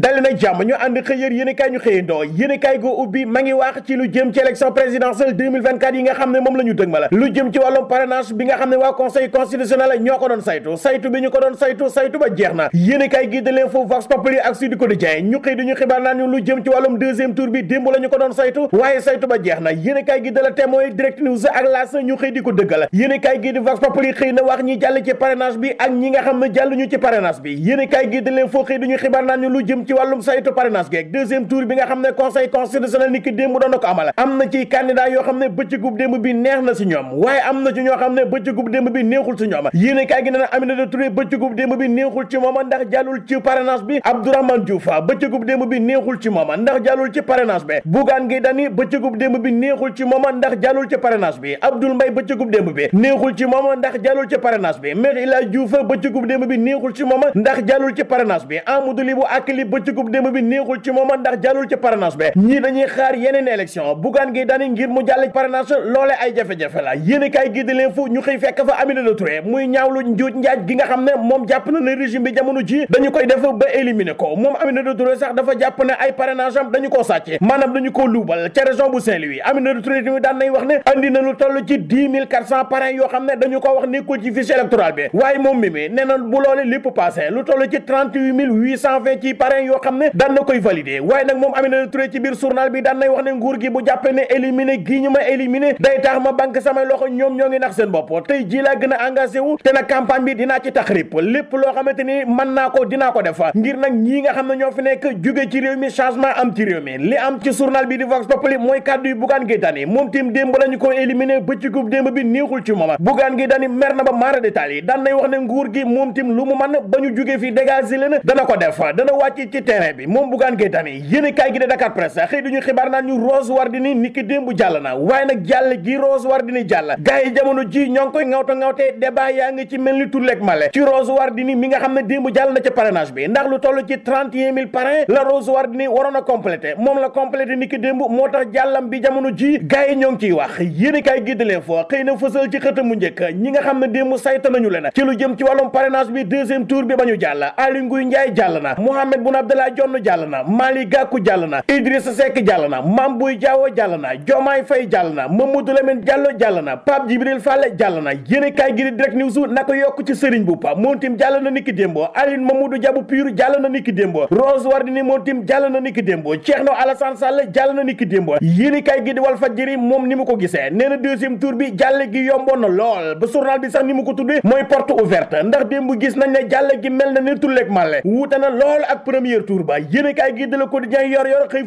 dali na jàmm ñu ànd xëyër yéen i kaay ñu xëyandoo yéen i kaay goo ubbi ma ngi wax nga xam ne moom la ñu dëgmal lu jëm ci wàllum ne waa conseil constitutionnel ñoo ko doon saytu saytu bi ko doon saytu saytu ba na yéen gi de l'info vox populi ak Sud Quotidien ñu xëy diñu xibaar naan ñu lu jëm ci gi de la témoin ko dëggal yéen i kaay gi di vox ak nga xam ne jàlluñu i kaay gi de l'info xëy ñu lu jëm ci wàllum saytu parrainage geeg deuxième tour bi nga xam ne conseil constitutionnel ni ki démb doon na ko amal am na ci candidat yoo xam ne bëccëgub démb bi neex na si ñoom waaye am na ci ñoo xam ne bëccëgub démb bi neexul si ñoom yéen kaay gi nee na Aminata Touré bëccëgub démb bi neexul ci mooma ndax jàllul ci parrainage bi Abdourahmane Diouf bëccëgub démb bi neexul ci mooma ndax jàllul ci parrainage bi Bougane Gueye Dany bëccëgub démb bi neexul ci mooma ndax jàllul ci parrainage bi Abdoul Mbaye bëccëgub démb bi neexul ci mooma ndax jàllul ci parrainage bi Maître Ila Diouf bëccëgub démb bi neexul ci mooma ndax jàllul ci parrainage bi Amadou Li bu ak li bëccëgub démb bi neexul ci mooma ndax jàllul ci parrainage bi ñii dañuy xaar yeneen élection bugaan gi daani ngir mu jàll parrainage loole ay jafe-jafe la yéen kaay gi fu ñu xëy fekk fa Aminata Touré muy ñaawlu njuuj njaaj gi nga xam ne moom jàpp na ne régime bi jamono ji dañu koy def ba éliminer ko moom Aminata Touré sax dafa jàpp ne ay parrainage am dañu koo sàcc maanaam dañu koo luubal ca région bu Saint-Louis Aminata Touré tamit daan nay wax ne andi na citoyen yoo xam ne daan na koy valider waaye nag moom Aminata Touré ci biir journal bi daan nay wax ne nguur gi bu jàppe ne éliminer gii ñu a ci tax rip ko dinaa ko def ngir nag ñii nga xam ne ñoo fi nekk jóge ci réew mi changement am ci réew mi li am ci journal bi di Vox Populi mooy kàddu yi Bougane Gueye Dany moom tim démb lañu ko éliminer bëccëgub démb bi neexul ci moom Bougane Gueye Dany mer na daan nay wax ne nguur gi moom tim lu mu mën ba ñu jóge fi dégager dana ko def dana wàcc ci ci terrain bi moom Bougane Gueye Dany yéene kaay gi Dakar Presse xëy duñu xibaar naan ñu Rose Wardini ni ki démb jàll na waaye nag jàll gi Rose Wardini jàll gars jamono ji ñoo ngi koy ŋawta ŋawte débat yaa ngi ci mel ni tulleeg male ci Rose Wardini mi nga xam ne démb jàll na ci parrainage bi ndax lu toll ci trente un mille parrain la Rose Wardini waroon a complété moom la complété ni démb moo tax jàllam bi jamono ji gars ñoo ngi ciy wax yéene kaay Abdoulaye Dione jàll na Mali Gakou jàll na Idrissa Seck jàll na Mame Boye Diao jàll na Diomaye Faye jàll na Mamadou Lamine Diallo jàll na Pape Djibril Fall jàll na yéene kaay gi di Direct News na ko yokk ci Serigne Boupa moom tim jàll na niki démboo Aline Mamadou Diabou Pire jàll na niki démboo Rose Wardini moom tim jàll na niki démboo Cheikhno Alassane Sall jàll na niki démboo yéene kaay gi di Walf Fadjri moom ni mu ko gisee nee na tour bi jàll gi yomboon premier tour ba yéene kaay gi de la quotidien yor yor xëy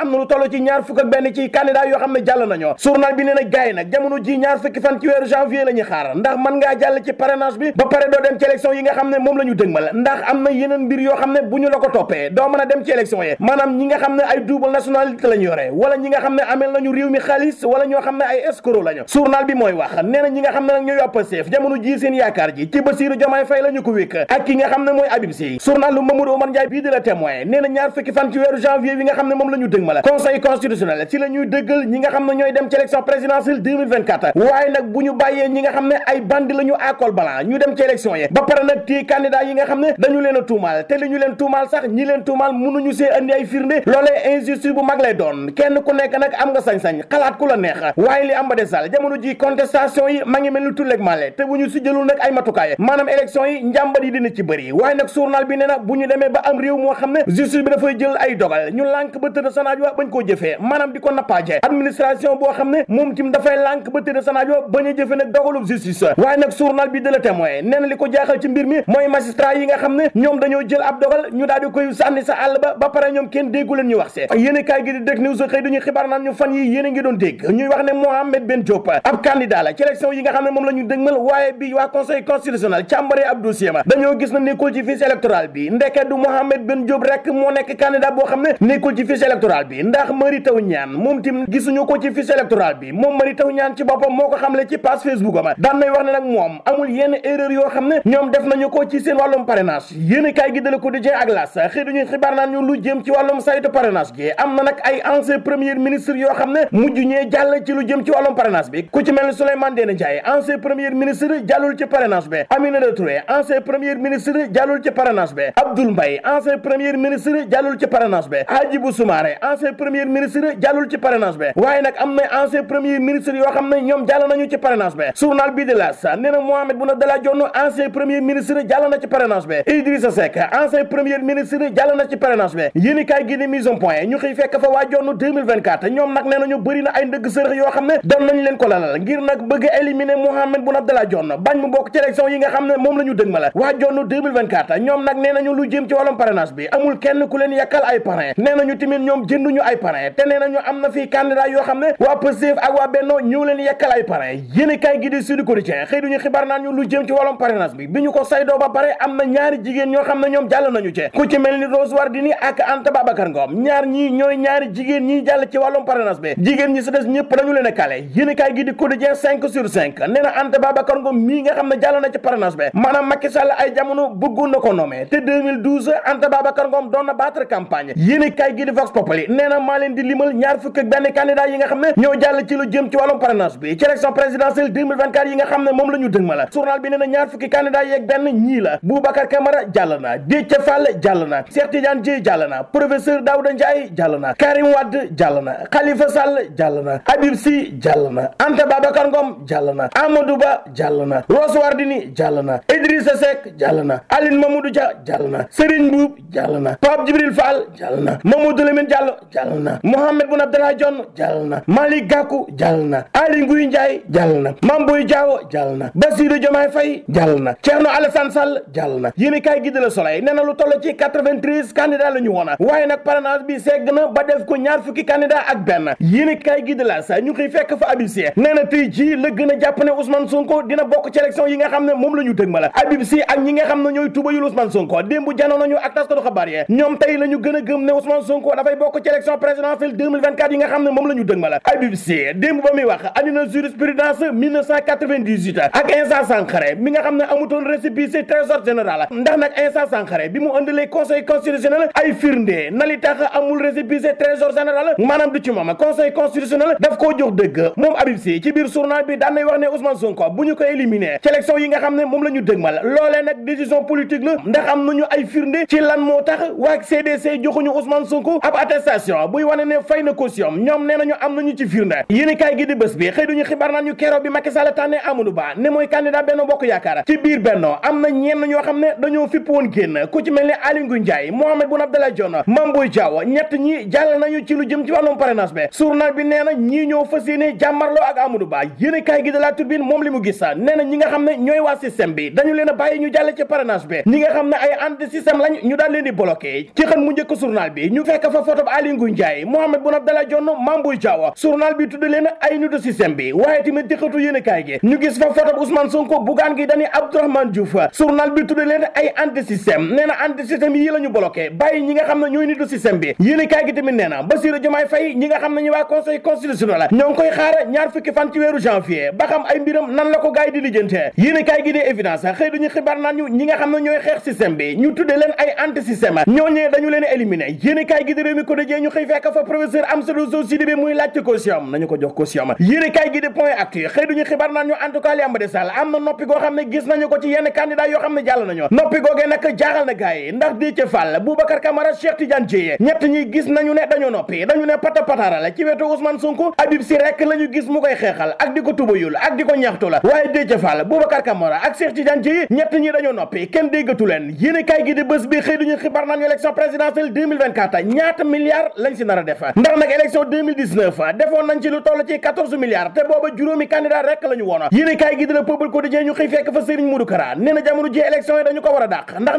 am na lu toll ci ñaar fukk ak benn ci candidat yoo xam ne jàll nañoo journal bi nee na nag jamono ji ñaar fukki fan ci weeru janvier la xaar ndax mën ngaa jàll ci parrainage bi ba pare doo dem ci élection yi nga xam ne moom la ñu dëgmal ndax am na yeneen mbir yoo xam ne bu ñu la ko toppee doo mën a dem ci élection yi maanaam ñi nga xam ne ay double nationalité la yore wala ñi nga xam ne amee yoreel nañu mi xaalis wala ñoo xam ne ay escroc lañu journal bi mooy wax nee ñi nga xam ne nag ñooy waa Pastef jamono ji seen yaakaar ji ci Bassirou Diomaye Faye la ñu ko wékk ak ki nga xam ne mooy Habib Sy journal lu Mamadou Oumar Ndiaye bii di la témoin nee nga xam ne ñooy dem ci élection présidentielle yi nga xam ne dañu leen tuumaal te li leen tuumaal sax ñi leen tuumaal mënuñu see andi ay firnde loolee injustice bu mag lay doon kenn ku nekk nag sañ-sañ xalaat ku la neex waaye li am ba des jamono ji contestation yi ma ngi mel ni tulleeg màlle te bu ñu si jëlul nag ay matukaay maanaam élection yi njàmbat yi dina ci bëri waaye wa bañ koo jëfee maanaam di ko nappaaje administration a waaye nag journal bi de la témoin nee li ko jaaxal ci mbir mi mooy magistrat yi nga xam ne ñoom dañoo jël ab dogal ñu daal di koy sànni sa àll ba ba pare ñoom kenn déggu ñu wax see kaay gi di dëkk news xëy duñu xibaar naan ñu fan fan yi yéen a ngi doon dégg ñuy wax ne Mohamed Ben Diop ab candidat la ci élection yi nga xam ne moom la ñu dëgmal waaye bi waa conseil constitutionnel càmbare ab dossier ma dañoo gis na nekkul ci fiche électorale bi ndeket du Mohamed Ben Diop rek moo nekk candidat boo xam ne nekkul ci fiche électorale bi moom tim gisuñu ko ci fiche électorale bi moom moo ko xamle ci page Facebook ama daan wax ne nag moom amul yenn erreur yoo xam ne ñoom def nañu ko ci seen wàllum parrainage i kaay gi dale ko di ak las xëy duñu xibaar naan ñu xam ne mujj ñee jàll ci lu jëm ci wàllum parrainage bi ku ci mel ni Souleymane Ndéné Ndiaye ancien premier ministre jàllul ci parrainage bi Aminata Touré ancien premier ministre jàllul ci parrainage bi Abdoul Mbaye ancien premier ancien premier ministre jàllul ci parrainage bi waaye nag am na ancien premier ministre yoo xam ne ñoom jàll ci parrainage bi journal bi de la sa nee na Mohamed Boun Abdallah Dionne ancien premier ministre jàll na ci parrainage bi Idrissa ancien premier ministre jàll ci parrainage bi yéen i kaay gi di point ñu nag nee nañu bëri na ay ndëgg sërëx yoo xam ne doon nañ leen ko lalal ngir nag bëgg a éliminer Mohamed Boun Abdallah bañ mu bokk ci yi nga xam ne moom la ñu dëg ma la waa Dionne 2024 ñoom nag nee nañu lu jëm ci wàllum bi amul kenn ku leen yàkkal ay parrain nee nañu tamit ñoom jënduñu ay parrain te nee nañu am na fii candidat yoo xam ne waa Pastef ak waa Benno ñëw leen yàkkal ay parrain yéen kay gi di Sud xëy duñu ñoom jàll nañu ci ku ci mel ni Rose Wardini ak Anta Babacar Ngom parrainage bi di limal ñaar fukk ak benn candidat nga xam ne ñoo jàll ci lu jëm ci wàllum parrainage bi ci élection présidentielle 2024 nga xam ne moom la ñu dëgmal journal bi nee na fukki candidat yeeg benn ñii la Boubacar Camara jàll na Déthié Fall jàll na Cheikh Tidiane Dièye na professeur Daouda Ndiaye jàll na Karim Khalifa Sall jàll na Habib Sy jàll na Anta Babacar Ngom jàll na Amadou Ba jàll na Rose Wardini jàll na Idrissa Seck jàll na Aline Mamadou Dia jàll na Serigne Boub jàll na Pape Djibril Fall jàll na Mamadou Lamine Diallo jàll na Mohamed Boun Abdallah Dionne jàll na Malick Gakou jàll na Aly Ngouille Ndiaye jàll na Mame Boye Diao jàll na Bassirou Diomaye Faye jàll na Thierno Alassane Sall jàll na yéen i kaay gi de la Soleil nee na lu toll ci quatre-vingt-treize candidat ak benn na yéen kaay gi de la ñu koy fekk fa Habib Sy nee na tey la gën a jàpp ne Ousmane Sonko dina bokk ci élection yi nga xam ne moom la ñu dëgmal la ñu gën démb ba muy wax andi na jurisprudence 1998 ak Insa Sankharé mi nga xam ne amutoon récépissé trésor général ndax nag Insa Sankharé bi mu andilee conseil constitutionnel ay firnde na li tax amul récépissé trésor général maanaam du ci moom conseil constitutionnel daf koo jox dëgg moom Habib Sy ci biir journal bi daan nay wax ne Ousmane Sonko bu ñu ko éliminé ci élection yi nga xam ne moom la ñu dëgmal loolee nag décision politique la ndax am na nañu ay firnde ci lan moo tax waa CDC joxuñu Ousmane Sonko ab attestation buy wane ne fay na caution ñoom nee nañu am nañu ci firnde yéenekaay gi di bés bi xëy duñu xibaar naan ñu keroog bi Macky Sall tànnee Amadou Ba ne mooy candidat Benno Bokk Yaakaar ci biir Benno am na ñenn ñoo xam ne dañoo fipp woon génn ku ci mel ne Aly Ngouille Ndiaye Mahammed Boun Abdallah Dionne Mame Boye Diao ñett ñi jàll nañu ci lu jëm ci wàllum parrainage bi journal bi nee na ñii ñoo fas yéene jàmmarloo ak Amadou Ba yéene gi de la moom li mu gis sa nee na ñi nga xam ne ñooy waa système bi dañu leen a bàyyi ñi nga xam ne ay ñu daal leen di bloqué ci xën mu njëkk journal bi ñu fekk fa photo Aly Ngouille Ndiaye Mahammed Boun Abdallah gis fa photo Ousmane ne ñooy nitu système bi yéene gi tamit nee na Bassirou Diomaye Faye ñi nga xam ne nañu waa conseil constitutionnel ñoo ngi koy xaare ñaar fukki fan ci weeru janvier ba xam ay mbiram nan la ko gaay di lijjantee gi di évidence xëy duñu xibaar naan ñu ñi dañu leen éliminé yéen gi di réew mi ko ñu xëy fekk fa professeur Amsatou Sow Sidibé muy laajte caution nañu ko jox caution yéen a gi di point actu xëy duñu xibaar naan ñu en tout cas de sall am na noppi goo xam ne gis nañu ko ci yenn candidat ci wetu Ousmane Sonko Habib Sy rek la ñu gis mu koy xeexal ak di ko tubayul ak di ko ñaxtu la waaye Déthié Fall Boubacar Camara ak Cheikh Tidiane Dièye ñett ñi dañoo noppi kenn déggatu leen yéene kaay gi di bés bi xëy duñu xibaar naan ñu élection présidentielle ñaata milliards lañ si nar a def ndax nag élection defoon nañ ci lu toll ci 14 te booba juróomi candidat rek la ñu woon yéene kaay di la peuple quotidien ñu xëy fekk fa Serigne Modou Kara nee a dàq ndax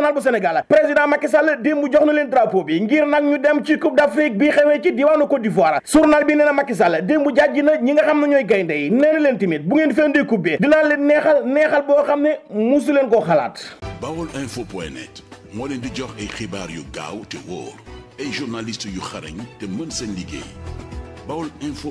nee n Macky Sall démb jox na leen drapo bi ngir nag ñu dem ci Coupe d'Afrique bi xewee ci diwaanu Côte d'Ivoire journal bi nee na Macky Sall démb jàjji na ñi nga xam ne ñooy gaynde yi nee na leen tamit bu ngeen fendee coupe bi dinaa leen neexal neexal boo xam ne musu leen koo xalaat bawol info moo leen di jox ay xibaar yu gaaw te wóor ay journaliste yu xarañ te mën seen liggéey bawol info